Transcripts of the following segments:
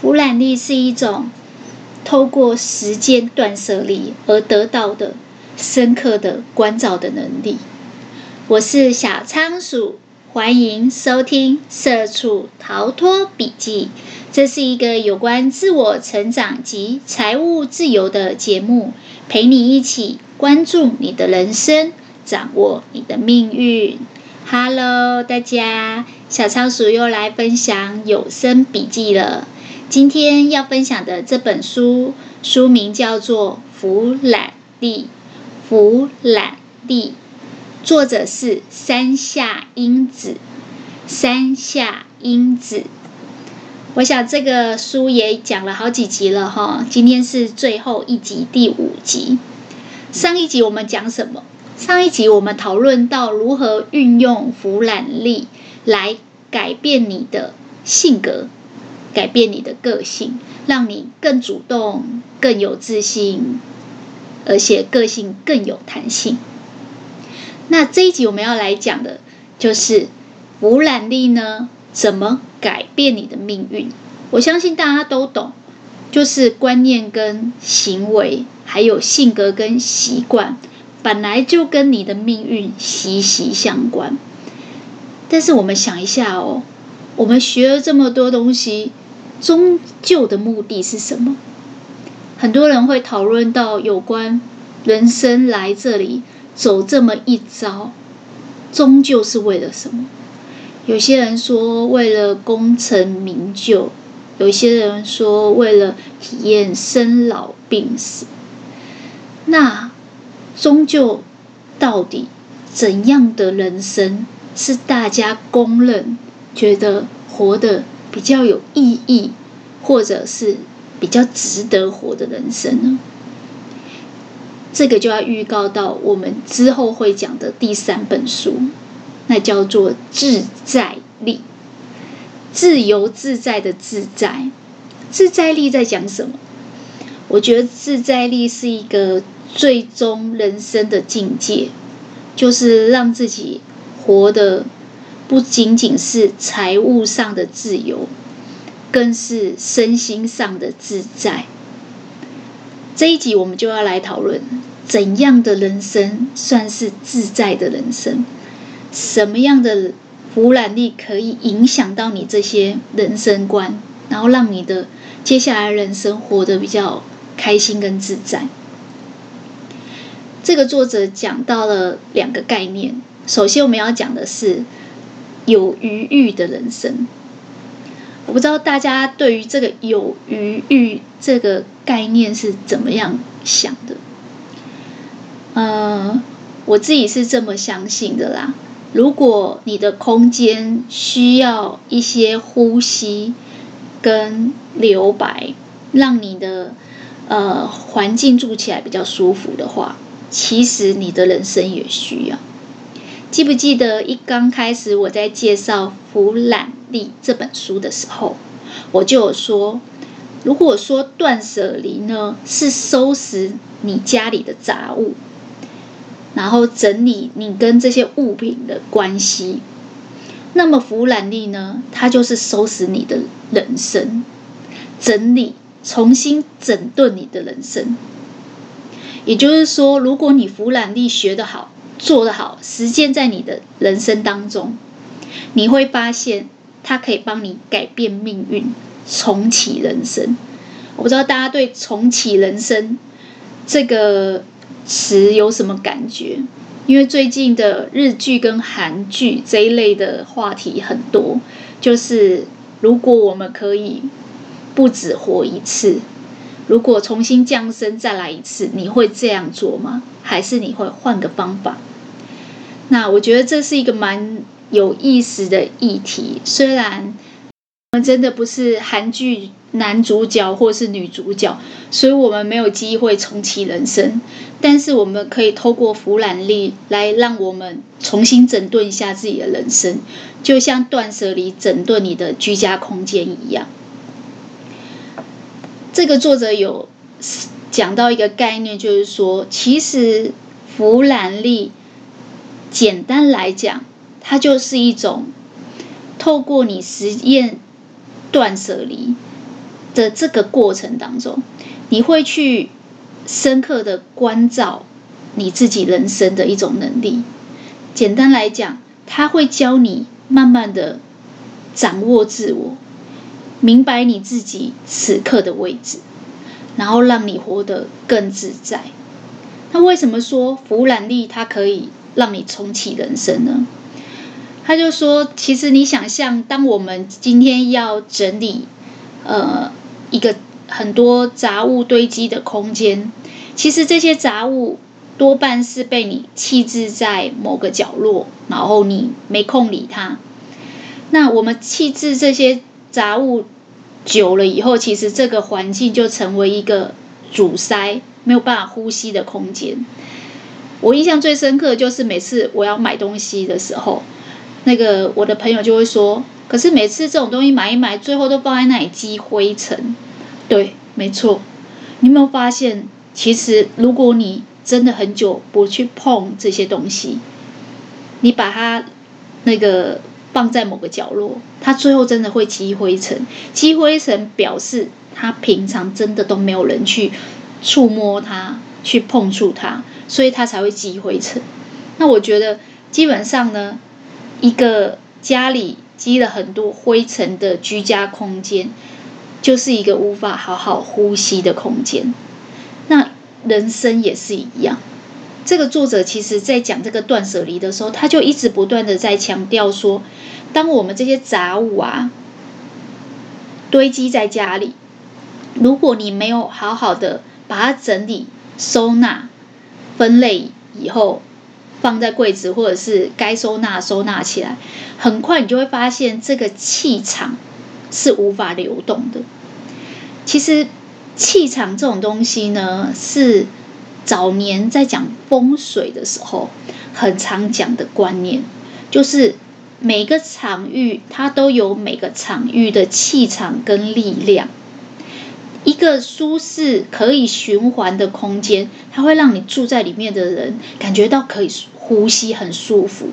俯瞰力是一種透過時間斷捨離而得到的深刻的關照的能力。我是小倉鼠，歡迎收聽《社畜逃脫筆記》，這是一個有關自我成長及財務自由的節目，陪你一起關注你的人生，掌握你的命運。Hello，大家，小倉鼠又來分享有聲筆記了。今天要分享的這本書，書名叫做《俯瞰力》，俯瞰力，作者是山下英子，山下英子。我想這個書也講了好幾集了哈，今天是最後一集第五集。上一集我們講什麼？上一集我們討論到如何運用俯瞰力來改變你的性格。改變你的個性，讓你更主動、更有自信，而且個性更有彈性。那這一集我們要來講的就是俯瞰力呢，怎麼改變你的命運？我相信大家都懂，就是觀念跟行為，還有性格跟習慣，本來就跟你的命運息息相關。但是我們想一下哦，我們學了這麼多東西。終究的目的是什麼？很多人會討論到有關人生來這裡走這麼一遭，終究是為了什麼？有些人說為了功成名就，有些人說為了體驗生老病死。那終究到底怎樣的人生是大家公認覺得活得。比較有意義，或者是比較值得活的人生呢？這個就要預告到我們之後會講的第三本書，那叫做《自在力》，自由自在的自在。自在力在講什麼？我覺得自在力是一個最終人生的境界，就是讓自己活得。不僅僅是財務上的自由，更是身心上的自在。這一集我們就要來討論怎樣的人生算是自在的人生？什麼樣的俯瞰力可以影響到你這些人生觀，然後讓你的接下來的人生活得比較開心跟自在？這個作者講到了兩個概念，首先我們要講的是。有餘裕的人生，我不知道大家對於這個有餘裕這個概念是怎麼樣想的。嗯，我自己是這麼相信的啦。如果你的空間需要一些呼吸跟留白，讓你的呃環境住起來比較舒服的話，其實你的人生也需要。記不記得一剛開始我在介紹俯瞰力這本書的時候，我就有說，如果說斷捨離呢是收拾你家裡的雜物，然後整理你跟這些物品的關係，那麼俯瞰力呢，它就是收拾你的人生，整理重新整頓你的人生。也就是說，如果你俯瞰力學得好。做得好，時間在你的人生當中，你會發現它可以幫你改變命運、重啟人生。我不知道大家對“重啟人生”這個詞有什麼感覺？因為最近的日劇跟韓劇這一類的話題很多，就是如果我們可以不止活一次，如果重新降生再來一次，你會這樣做嗎？還是你會換個方法？那我覺得這是一個蠻有意思的議題，雖然我們真的不是韓劇男主角或是女主角，所以我們沒有機會重啟人生，但是我們可以透過俯瞰力來讓我們重新整頓一下自己的人生，就像斷捨離整頓你的居家空間一樣。這個作者有講到一個概念，就是說，其實俯瞰力。簡單來講，它就是一種透過你實驗斷捨離的這個過程當中，你會去深刻的關照你自己人生的一種能力。簡單來講，它會教你慢慢的掌握自我，明白你自己此刻的位置，然後讓你活得更自在。那為什麼說俯瞰力它可以？讓你重啟人生呢？他就說，其實你想象，當我們今天要整理，呃，一個很多雜物堆積的空間，其實這些雜物多半是被你棄置在某個角落，然後你沒空理它。那我們棄置這些雜物久了以後，其實這個環境就成為一個阻塞、沒有辦法呼吸的空間。我印象最深刻的就是每次我要買東西的時候，那個我的朋友就會說：“可是每次這種東西買一買，最後都放在那裡積灰塵。”對，沒錯。你有沒有發現，其實如果你真的很久不去碰這些東西，你把它那個放在某個角落，它最後真的會積灰塵。積灰塵表示它平常真的都沒有人去觸摸它，去碰觸它。所以他才會積灰塵。那我覺得，基本上呢，一個家裡積了很多灰塵的居家空間，就是一個無法好好呼吸的空間。那人生也是一樣。這個作者其實在講這個斷捨離的時候，他就一直不斷的在強調說，當我們這些雜物啊堆積在家裡，如果你沒有好好的把它整理收納。分類以後，放在櫃子或者是該收納收納起來，很快你就會發現這個氣場是無法流動的。其實，氣場這種東西呢，是早年在講風水的時候很常講的觀念，就是每個場域它都有每個場域的氣場跟力量。一個舒適可以循環的空間，它會讓你住在裡面的人感覺到可以呼吸很舒服。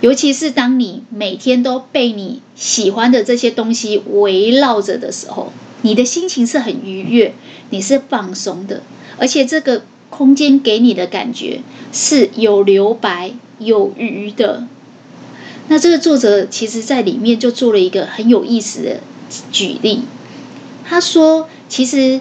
尤其是當你每天都被你喜歡的這些東西圍繞着的時候，你的心情是很愉悅，你是放鬆的，而且這個空間給你的感覺是有留白有餘的。那這個作者其實在裡面就做了一個很有意思的舉例。他說：“其實，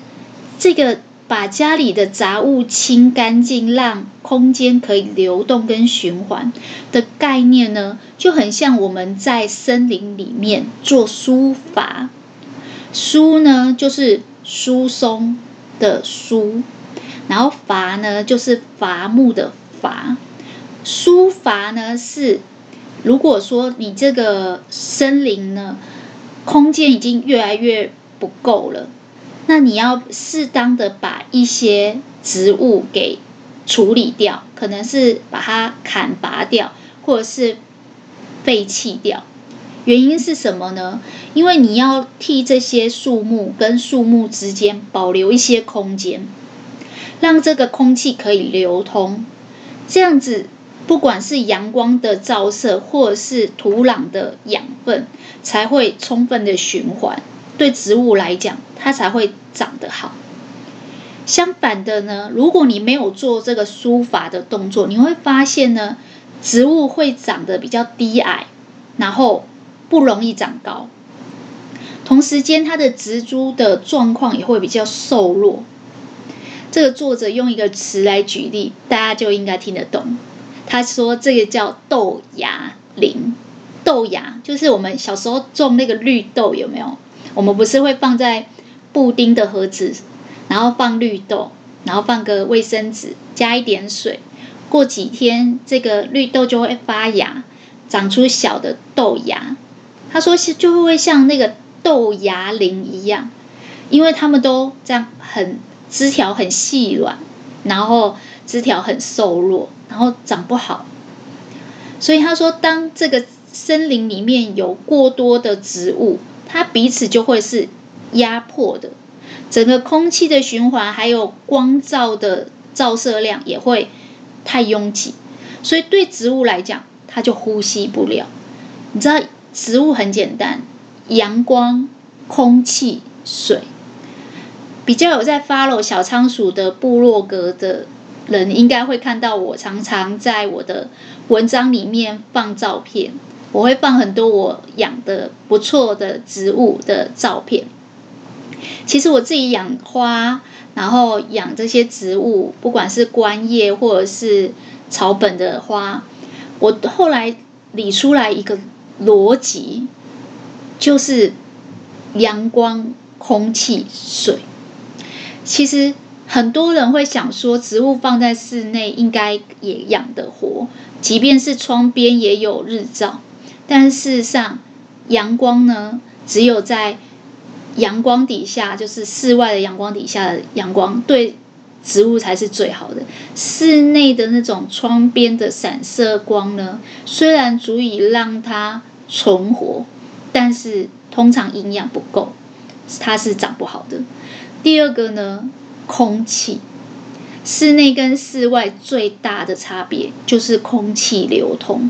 這個把家裡的雜物清乾淨，讓空間可以流動跟循環的概念呢，就很像我們在森林裡面做疏伐。疏呢，就是疏鬆的疏；然後伐呢，就是伐木的伐。疏伐呢，是如果說你這個森林呢，空間已經越來越……”不夠了，那你要適當的把一些植物給處理掉，可能是把它砍伐掉，或者是廢棄掉。原因是什麼呢？因為你要替這些樹木跟樹木之間保留一些空間，讓這個空氣可以流通。這樣子，不管是陽光的照射，或是土壤的養分，才會充分的循環。對植物來講，它才會長得好。相反的呢，如果你沒有做這個疏伐的動作，你會發現呢，植物會長得比較低矮，然後不容易長高。同時間，它的植株的狀況也會比較瘦弱。這個作者用一個詞來舉例，大家就應該聽得懂。他說這個叫豆芽林，豆芽就是我們小時候種那個綠豆，有沒有？我們不是會放在布丁的盒子，然後放綠豆，然後放個衛生紙，加一點水，過幾天這個綠豆就會發芽，長出小的豆芽。他說是就會會像那個豆芽林一樣，因為他們都這樣很，很枝條很細軟，然後枝條很瘦弱，然後長不好。所以他說，當這個森林裡面有過多的植物。它彼此就會是壓迫的，整個空氣的循環，還有光照的照射量也會太擁擠，所以對植物來講，它就呼吸不了。你知道，植物很簡單，陽光、空氣、水。比較有在 follow 小倉鼠的部落格的人，應該會看到我常常在我的文章裡面放照片。我會放很多我養得不錯的植物的照片。其實我自己養花，然後養這些植物，不管是觀葉或者是草本的花，我後來理出來一個邏輯，就是陽光、空氣、水。其實很多人會想說，植物放在室內應該也養得活，即便是窗邊也有日照。但事實上，陽光呢，只有在陽光底下，就是室外的陽光底下的陽光對植物才是最好的。室內的那種窗邊的散射光呢，雖然足以讓它存活，但是通常營養不夠，它是長不好的。第二個呢，空氣，室內跟室外最大的差別就是空氣流通。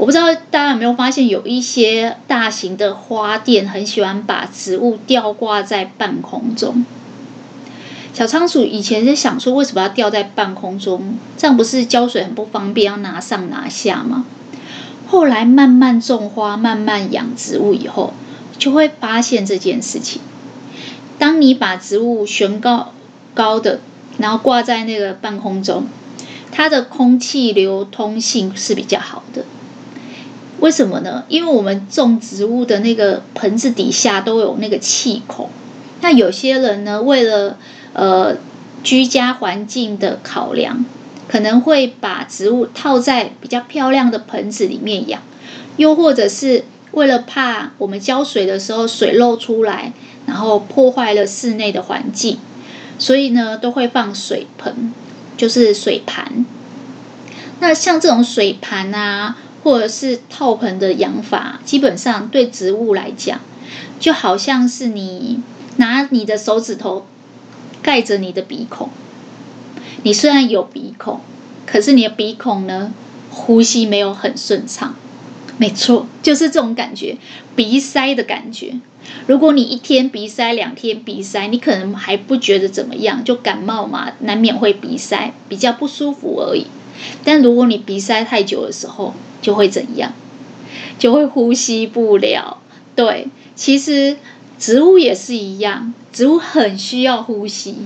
我不知道大家有沒有發現，有一些大型的花店很喜歡把植物吊掛在半空中。小倉鼠以前是想說，為什麼要吊在半空中？這樣不是澆水很不方便，要拿上拿下嗎？後來慢慢種花、慢慢養植物以後，就會發現這件事情。當你把植物懸高高的，然後掛在那個半空中，它的空氣流通性是比較好的。為什麼呢？因為我們種植物的那個盆子底下都有那個氣孔。那有些人呢，為了呃居家環境的考量，可能會把植物套在比較漂亮的盆子裡面養，又或者是為了怕我們澆水的時候水漏出來，然後破壞了室內的環境，所以呢都會放水盆，就是水盤。那像這種水盤啊。或者是套盆的養法，基本上對植物來講，就好像是你拿你的手指頭蓋着你的鼻孔，你雖然有鼻孔，可是你的鼻孔呢，呼吸沒有很順暢。沒錯，就是這種感覺，鼻塞的感覺。如果你一天鼻塞兩天鼻塞，你可能還不覺得怎麼樣，就感冒嘛，難免會鼻塞，比較不舒服而已。但如果你鼻塞太久的時候，就會怎樣？就會呼吸不了。對，其實植物也是一樣，植物很需要呼吸，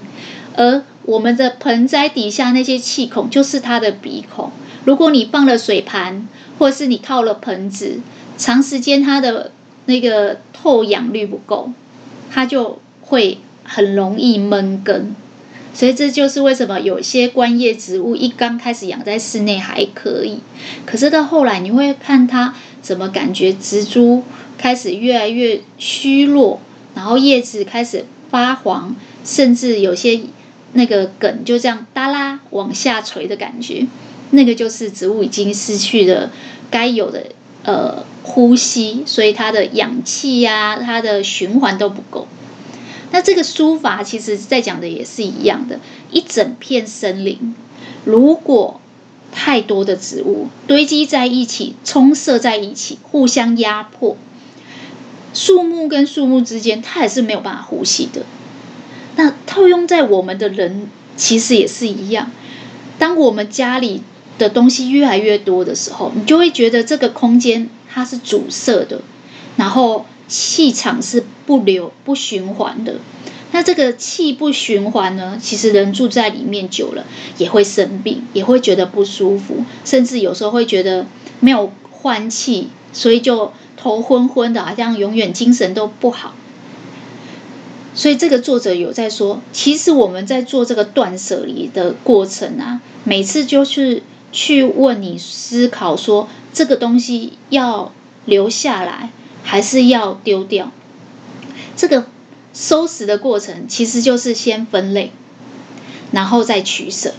而我們的盆栽底下那些氣孔就是它的鼻孔。如果你放了水盤，或是你套了盆子，長時間它的那個透氧率不夠，它就會很容易悶根。所以這就是為什麼有些觀葉植物一剛開始養在室內還可以，可是到後來你會看它怎麼感覺植株開始越來越虛弱，然後葉子開始發黃，甚至有些那個梗就這樣耷拉往下垂的感覺，那個就是植物已經失去了該有的呃呼吸，所以它的氧氣呀、啊、它的循環都不夠。那這個疏伐其實，在講的也是一樣的，一整片森林，如果太多的植物堆積在一起，充塞在一起，互相壓迫，樹木跟樹木之間，它也是沒有辦法呼吸的。那套用在我們的人，其實也是一樣。當我們家裡的東西越來越多的時候，你就會覺得這個空間它是阻塞的，然後，氣場是不流不循環的，那這個氣不循環呢？其實人住在裡面久了也會生病，也會覺得不舒服，甚至有時候會覺得沒有換氣，所以就頭昏昏的啊，好像永遠精神都不好。所以這個作者有在說，其實我們在做這個斷捨離的過程啊，每次就是去問你思考說，這個東西要留下來。還是要丟掉，這個收拾的過程其實就是先分類，然後再取捨。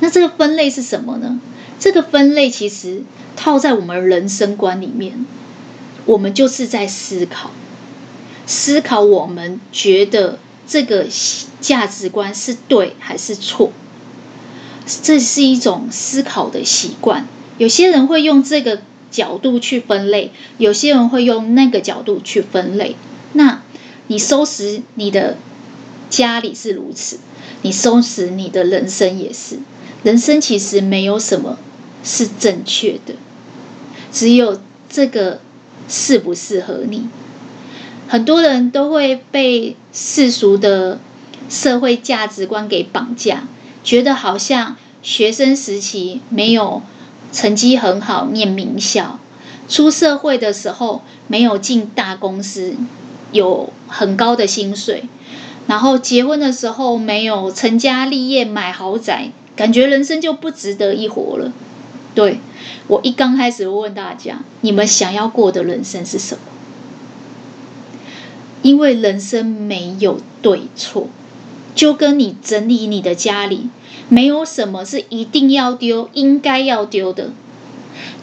那這個分類是什麼呢？這個分類其實套在我們人生觀裡面，我們就是在思考，思考我們覺得這個價值觀是對還是錯。這是一種思考的習慣，有些人會用這個。角度去分類，有些人會用那個角度去分類。那，你收拾你的家裡是如此，你收拾你的人生也是。人生其實沒有什麼是正確的，只有這個適不適合你。很多人都會被世俗的社會價值觀給綁架，覺得好像學生時期沒有。成績很好，念名校，出社會的時候沒有進大公司，有很高的薪水，然後結婚的時候沒有成家立業買豪宅，感覺人生就不值得一活了。對，我一剛開始問大家，你們想要過的人生是什麼？因為人生沒有對錯，就跟你整理你的家裡。沒有什麼是一定要丟、應該要丟的，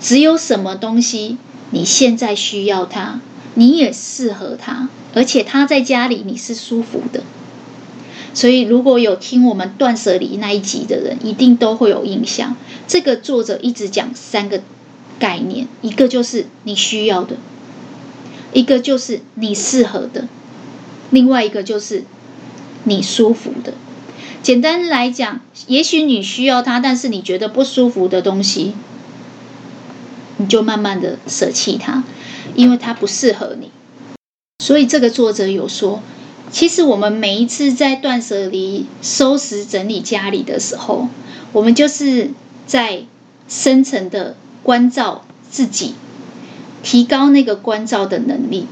只有什麼東西你現在需要它，你也適合它，而且它在家裡你是舒服的。所以，如果有聽我們斷捨離那一集的人，一定都會有印象。這個作者一直講三個概念：一個就是你需要的，一個就是你適合的，另外一個就是你舒服的。簡單來講，也許你需要它，但是你覺得不舒服的東西，你就慢慢的捨棄它，因為它不適合你。所以這個作者有說，其實我們每一次在斷捨離、收拾整理家裡的時候，我們就是在深層的關照自己，提高那個關照的能力。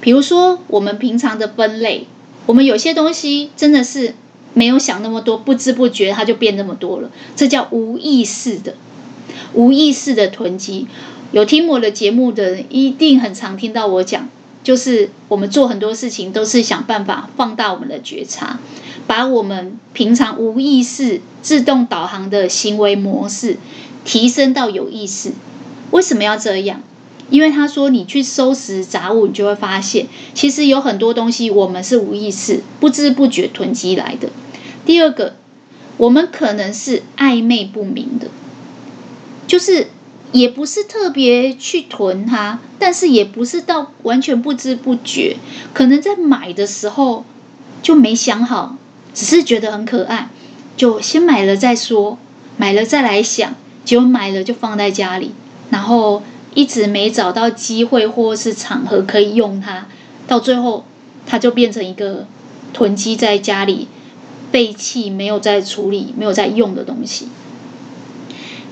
比如說，我們平常的分類，我們有些東西真的是。沒有想那麼多，不知不覺它就變那麼多了。這叫無意識的、無意識的囤積。有聽我的節目的人，一定很常聽到我講，就是我們做很多事情都是想辦法放大我們的覺察，把我們平常無意識、自動導航的行為模式提升到有意識。為什麼要這樣？因為他說，你去收拾雜物，你就會發現，其實有很多東西我們是無意識、不知不覺囤積來的。第二個，我們可能是曖昧不明的，就是也不是特別去囤它，但是也不是到完全不知不覺，可能在買的時候就沒想好，只是覺得很可愛，就先買了再說，買了再來想，結果買了就放在家裡，然後一直沒找到機會或是場合可以用它，到最後它就變成一個囤積在家裡。廢棄沒有在處理、沒有在用的東西。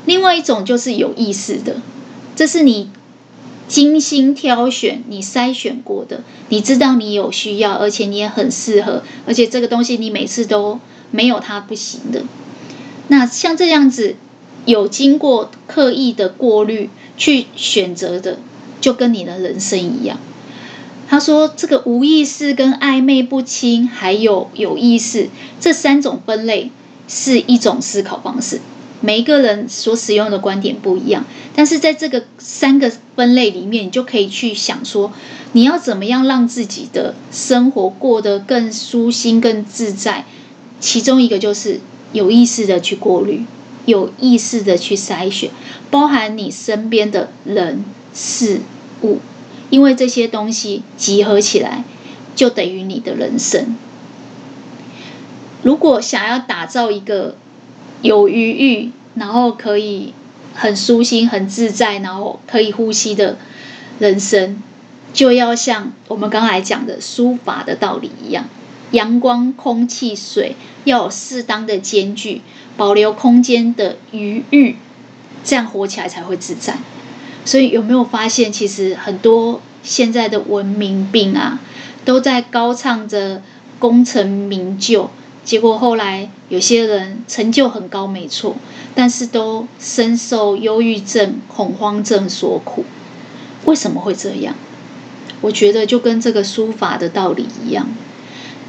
另外一種就是有意識的，這是你精心挑選、你篩選過的。你知道你有需要，而且你也很適合，而且這個東西你每次都沒有它不行的。那像這樣子，有經過刻意的過濾去選擇的，就跟你的人生一樣。他說：“這個無意識跟曖昧不清，還有有意識這三種分類是一種思考方式。每一個人所使用的觀點不一樣，但是在這個三個分類裡面，你就可以去想說，你要怎麼樣讓自己的生活過得更舒心、更自在。其中一個就是有意識的去過濾，有意識的去篩選，包含你身邊的人事物。”因為這些東西集合起來，就等於你的人生。如果想要打造一個有餘裕，然後可以很舒心、很自在，然後可以呼吸的人生，就要像我們剛才講的疏伐的道理一樣：陽光、空氣、水要有適當的間距，保留空間的餘裕，這樣活起來才會自在。所以有沒有發現，其實很多現在的文明病啊，都在高唱着功成名就，結果後來有些人成就很高，沒錯，但是都深受憂鬱症、恐慌症所苦。為什麼會這樣？我覺得就跟這個書法的道理一樣，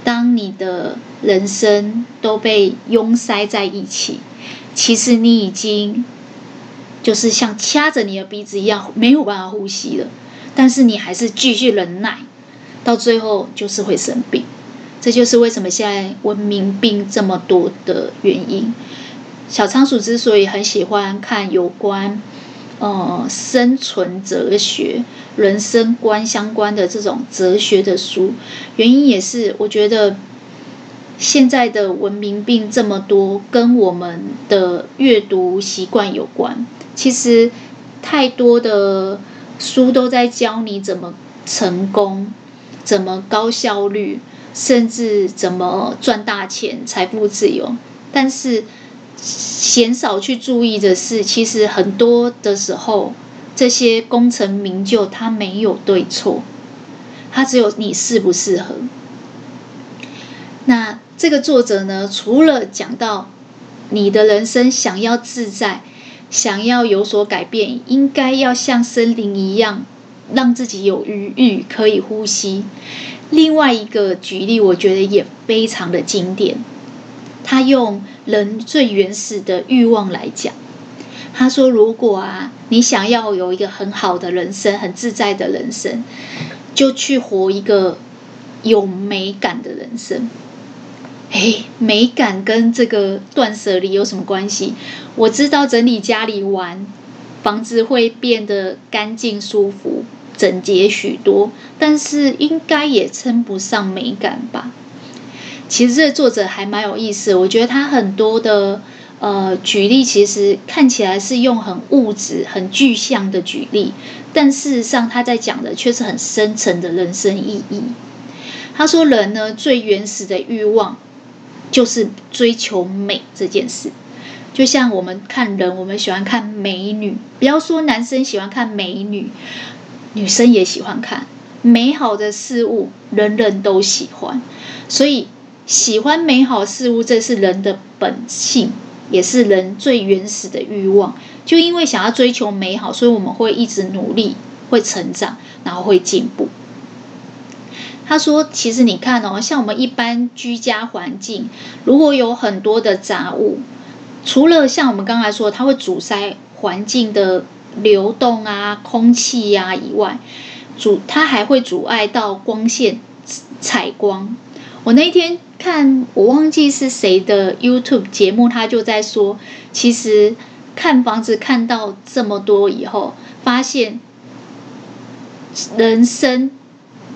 當你的人生都被擁塞在一起，其實你已經。就是像掐着你的鼻子一樣沒有辦法呼吸了，但是你還是繼續忍耐，到最後就是會生病。這就是為什麼現在文明病這麼多的原因。小倉鼠之所以很喜歡看有關，呃，生存哲學、人生觀相關的這種哲學的書，原因也是我覺得，現在的文明病這麼多，跟我們的閱讀習慣有關。其實太多的書都在教你怎麼成功、怎麼高效率，甚至怎麼賺大錢、財富自由。但是，鮮少去注意的是，其實很多的時候，這些功成名就，它沒有對錯，它只有你適不適合。那這個作者呢，除了講到你的人生想要自在。想要有所改變，應該要像森林一樣，讓自己有餘裕可以呼吸。另外一個舉例，我覺得也非常的經典。他用人最原始的慾望來講，他說：“如果啊，你想要有一個很好的人生、很自在的人生，就去活一個有美感的人生。欸”哎，美感跟這個斷捨離有什麼關係？我知道整理家裡玩，房子會變得乾淨、舒服、整潔許多，但是應該也稱不上美感吧。其實這作者還蠻有意思，我覺得他很多的呃舉例，其實看起來是用很物質、很具象的舉例，但事實上他在講的卻是很深層的人生意義。他說：“人呢，最原始的欲望就是追求美這件事。”就像我們看人，我們喜歡看美女，不要說男生喜歡看美女，女生也喜歡看美好的事物，人人都喜歡。所以，喜歡美好事物，這是人的本性，也是人最原始的慾望。就因為想要追求美好，所以我們會一直努力，會成長，然後會進步。他說：“其實你看哦，像我們一般居家環境，如果有很多的雜物。”除了像我們剛才說，它會阻塞環境的流動啊、空氣呀、啊、以外，阻它還會阻礙到光線採光。我那一天看，我忘記是誰的 YouTube 節目，他就在說，其實看房子看到這麼多以後，發現人生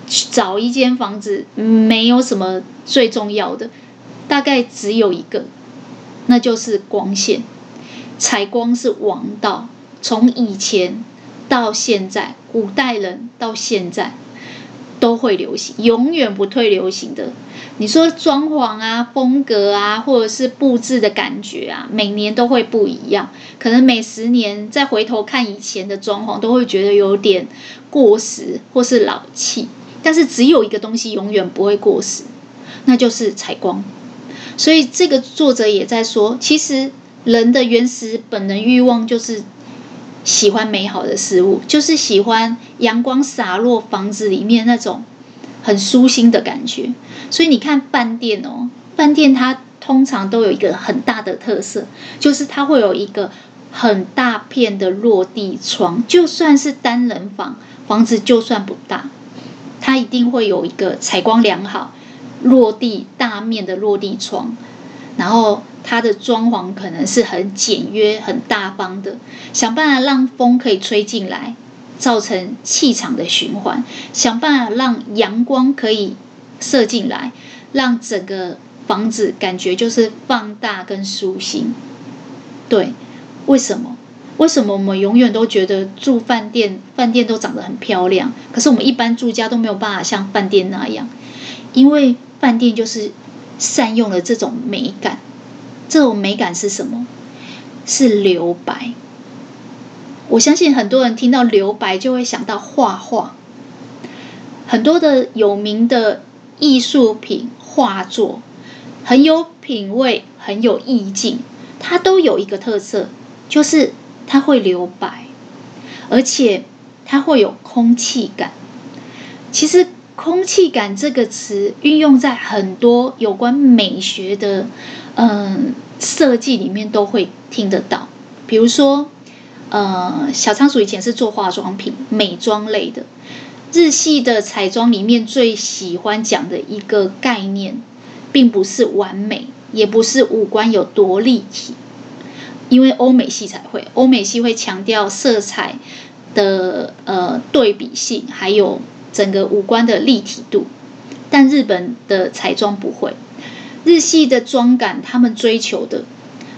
去找一間房子沒有什麼最重要的，大概只有一個。那就是光線，採光是王道。從以前到現在，古代人到現在都會流行，永遠不退流行的。你說裝潢啊、風格啊，或者是布置的感覺啊，每年都會不一樣。可能每十年再回頭看以前的裝潢，都會覺得有點過時或是老氣。但是只有一個東西永遠不會過時，那就是採光。所以這個作者也在說，其實人的原始本能欲望就是喜歡美好的事物，就是喜歡陽光灑落房子裡面那種很舒心的感覺。所以你看飯店哦，飯店它通常都有一個很大的特色，就是它會有一個很大片的落地窗，就算是單人房，房子就算不大，它一定會有一個採光良好。落地大面的落地窗，然後它的裝潢可能是很簡約、很大方的，想辦法讓風可以吹進來，造成氣場的循環，想辦法讓陽光可以射進來，讓整個房子感覺就是放大跟舒心。對，為什麼？為什麼我們永遠都覺得住飯店，飯店都長得很漂亮，可是我們一般住家都沒有辦法像飯店那樣，因為。飯店就是善用了這種美感，這種美感是什麼？是留白。我相信很多人聽到留白就會想到畫畫，很多的有名的藝術品、畫作，很有品味，很有意境，它都有一個特色，就是它會留白，而且它會有空氣感。其實。空氣感這個詞運用在很多有關美學的嗯、呃、設計裡面都會聽得到，比如說呃小倉鼠以前是做化妝品美妝類的日系的彩妝裡面最喜歡講的一個概念，並不是完美，也不是五官有多立體，因為歐美系才會歐美系會強調色彩的呃對比性還有。整個五官的立體度，但日本的彩妝不會，日系的妝感，他們追求的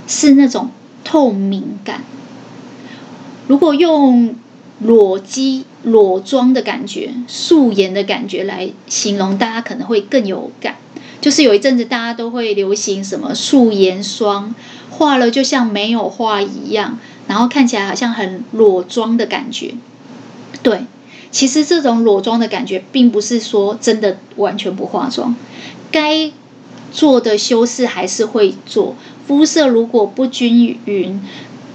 是那種透明感。如果用裸肌、裸妝的感覺、素顏的感覺來形容，大家可能會更有感。就是有一陣子，大家都會流行什麼素顏霜，化了就像沒有化一樣，然後看起來好像很裸妝的感覺，對。其實這種裸妝的感覺，並不是說真的完全不化妝，該做的修飾還是會做。膚色如果不均匀，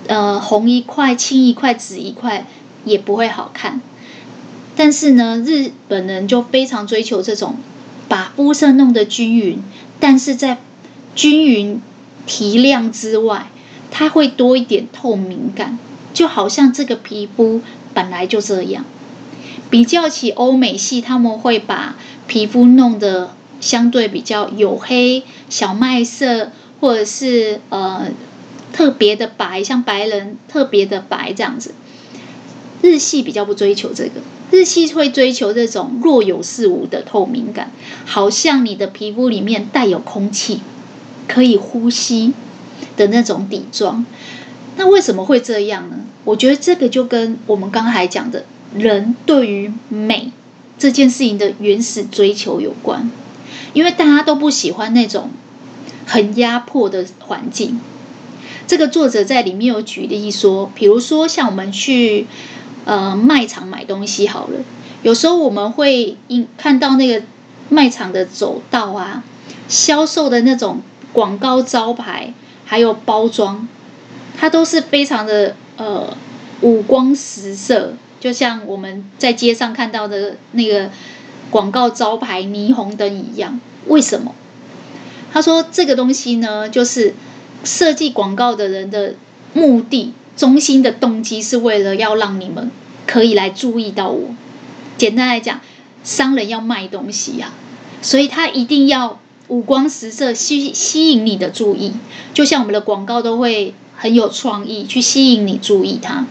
呃，紅一塊、青一塊、紫一塊，也不會好看。但是呢，日本人就非常追求這種把膚色弄得均匀，但是在均匀提亮之外，它會多一點透明感，就好像這個皮膚本來就這樣。比較起歐美系，他們會把皮膚弄得相對比較黝黑，小麥色，或者是呃特別的白，像白人特別的白這樣子。日系比較不追求這個，日系會追求這種若有似無的透明感，好像你的皮膚裡面帶有空氣，可以呼吸的那種底妝。那為什麼會這樣呢？我覺得這個就跟我們剛才講的人對於美這件事情的原始追求有關，因為大家都不喜歡那種很壓迫的環境。這個作者在裡面有舉例說，比如說像我們去呃賣場買東西好了，有時候我們會看到那個賣場的走道啊、銷售的那種廣告招牌，還有包裝，它都是非常的呃五光十色。就像我們在街上看到的那個廣告招牌霓虹燈一樣，為什麼？他說這個東西呢，就是設計廣告的人的目的，中心的動機是為了要讓你們可以來注意到我。簡單來講，商人要賣東西呀，啊，所以他一定要五光十色吸吸引你的注意。就像我們的廣告都會很有創意，去吸引你注意他。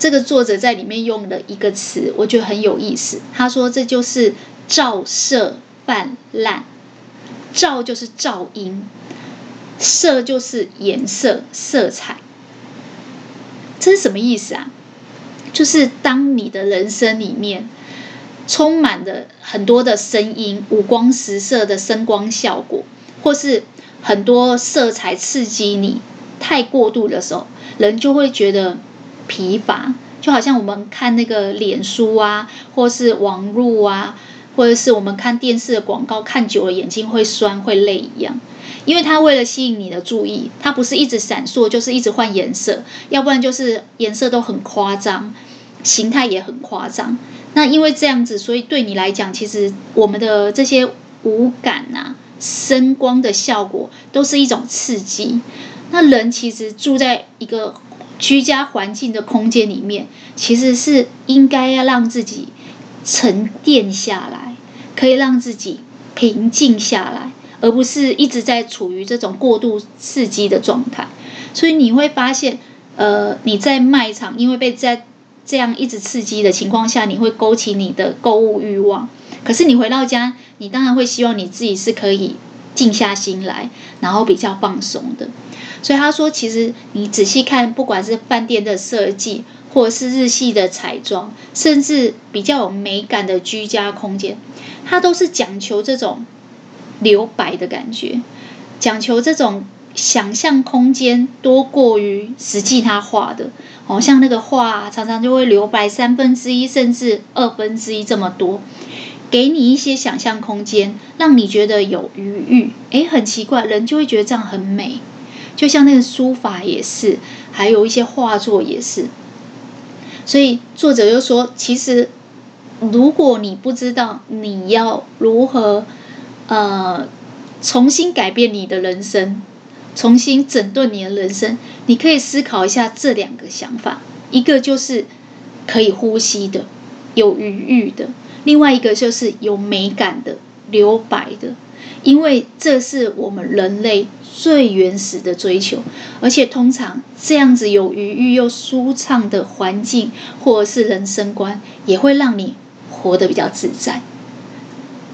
這個作者在裡面用了一個詞，我覺得很有意思。他說：“這就是噪色泛濫，噪就是噪音，色就是顏色、色彩。這是什麼意思啊？就是當你的人生裡面充滿了很多的聲音、五光十色的聲光效果，或是很多色彩刺激你太過度的時候，人就會覺得。”疲乏，就好像我們看那個臉書啊，或是網絡啊，或者是我們看電視的廣告，看久了眼睛會酸會累一樣。因為它為了吸引你的注意，它不是一直閃爍，就是一直換顏色，要不然就是顏色都很誇張，形態也很誇張。那因為這樣子，所以對你來講，其實我們的這些五感啊，聲光的效果都是一種刺激。那人其實住在一個。居家環境的空間裡面，其實是應該要讓自己沉澱下來，可以讓自己平靜下來，而不是一直在處於這種過度刺激的狀態。所以你會發現，呃，你在賣場，因為被在這樣一直刺激的情況下，你會勾起你的購物慾望。可是你回到家，你當然會希望你自己是可以。靜下心來，然後比較放鬆的。所以他說，其實你仔細看，不管是飯店的設計，或是日系的彩妝，甚至比較有美感的居家空間，他都是講求這種留白的感覺，講求這種想象空間多過於實際。他畫的哦，像那個畫啊，常常就會留白三分之一，甚至二分之一這麼多。給你一些想象空間，讓你覺得有餘裕。誒，很奇怪，人就會覺得這樣很美。就像那個書法也是，還有一些畫作也是。所以作者就說，其實如果你不知道你要如何呃重新改變你的人生，重新整頓你的人生，你可以思考一下這兩個想法：一個就是可以呼吸的，有餘裕的。另外一個就是有美感的，留白的。因為這是我們人類最原始的追求，而且通常這樣子有餘裕又舒暢的環境，或者是人生觀，也會讓你活得比較自在。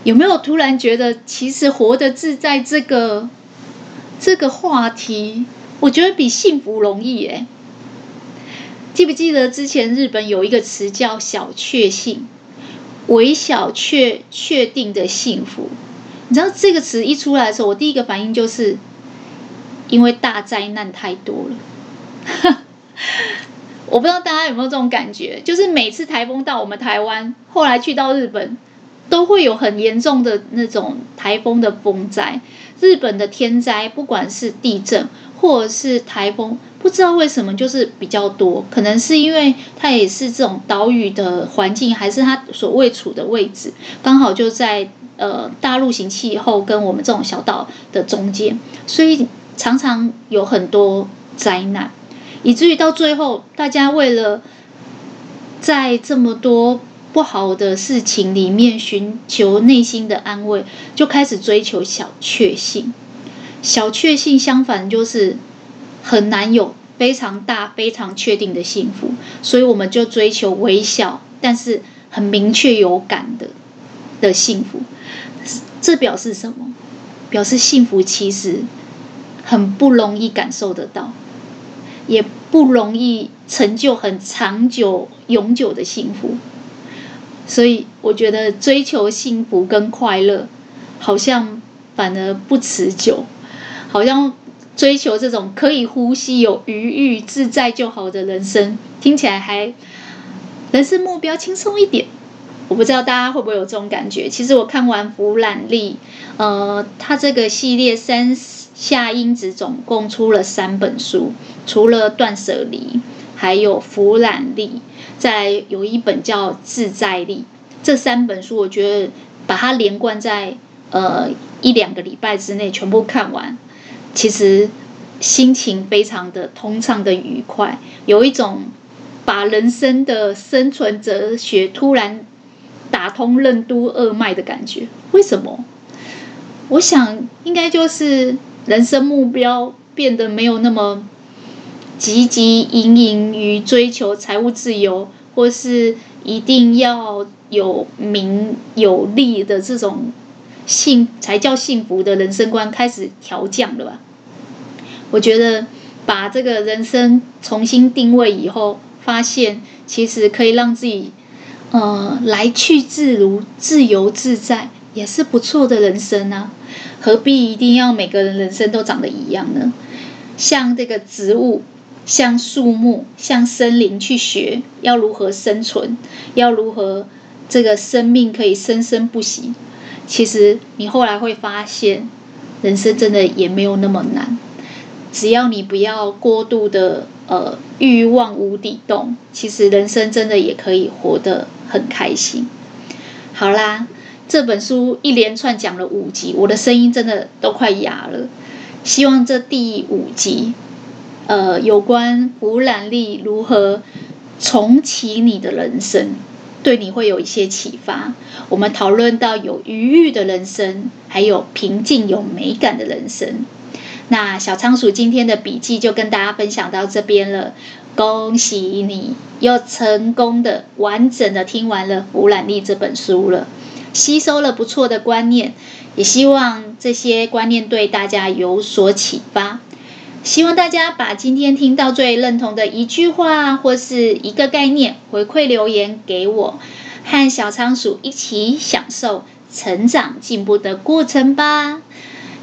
有沒有突然覺得，其實活得自在這個這個話題，我覺得比幸福容易，欸？哎，記不記得之前日本有一個詞叫“小確幸”。微小卻確定的幸福，你知道這個詞一出來的時候，我第一個反應就是，因為大災難太多了。 我不知道大家有沒有這種感覺，就是每次台風到我們台灣，後來去到日本，都會有很嚴重的那種台風的風災，日本的天災，不管是地震。或者是颱風，不知道為什麼就是比較多，可能是因為它也是這種島嶼的環境，還是它所位處的位置剛好就在呃大陸型氣候跟我們這種小島的中間，所以常常有很多災難，以至於到最後，大家為了在這麼多不好的事情裡面尋求內心的安慰，就開始追求小確幸。小確幸相反就是很難有非常大、非常確定的幸福，所以我們就追求微小但是很明確有感的的幸福。這表示什麼？表示幸福其實很不容易感受得到，也不容易成就很長久、永久的幸福。所以我覺得追求幸福跟快樂，好像反而不持久。好像追求這種可以呼吸、有餘裕、自在就好的人生，聽起來還人生目標輕鬆一點。我不知道大家會不會有這種感覺。其實我看完《俯瞰力》，呃，他這個系列山下英子總共出了三本書，除了《斷捨離》，還有《俯瞰力》，再有一本叫《自在力》。這三本書我覺得把它連貫在呃一兩個禮拜之內全部看完，其實心情非常的通暢的愉快，有一種把人生的生存哲學突然打通任督二脈的感覺。為什麼？我想應該就是人生目標變得沒有那麼汲汲營營於追求財務自由，或是一定要有名有利的這種幸才叫幸福的人生觀開始調降了吧。我覺得把這個人生重新定位以後，發現其實可以讓自己呃來去自如、自由自在，也是不錯的人生啊。何必一定要每個人人生都長得一樣呢？像這個植物、像樹木、像森林，去學要如何生存，要如何這個生命可以生生不息。其實你後來會發現，人生真的也沒有那麼難。只要你不要過度的呃慾望無底洞，其實人生真的也可以活得很開心。好啦，這本書一連串講了五集，我的聲音真的都快啞了。希望這第五集，呃，有關俯瞰力如何重啟你的人生，對你會有一些啟發。我們討論到有餘裕的人生，還有平靜有美感的人生。那小倉鼠今天的筆記就跟大家分享到這邊了，恭喜你又成功的完整的聽完了《俯瞰力》這本書了，吸收了不錯的觀念，也希望這些觀念對大家有所啟發。希望大家把今天聽到最認同的一句話或是一個概念回饋留言給我，和小倉鼠一起享受成長進步的過程吧。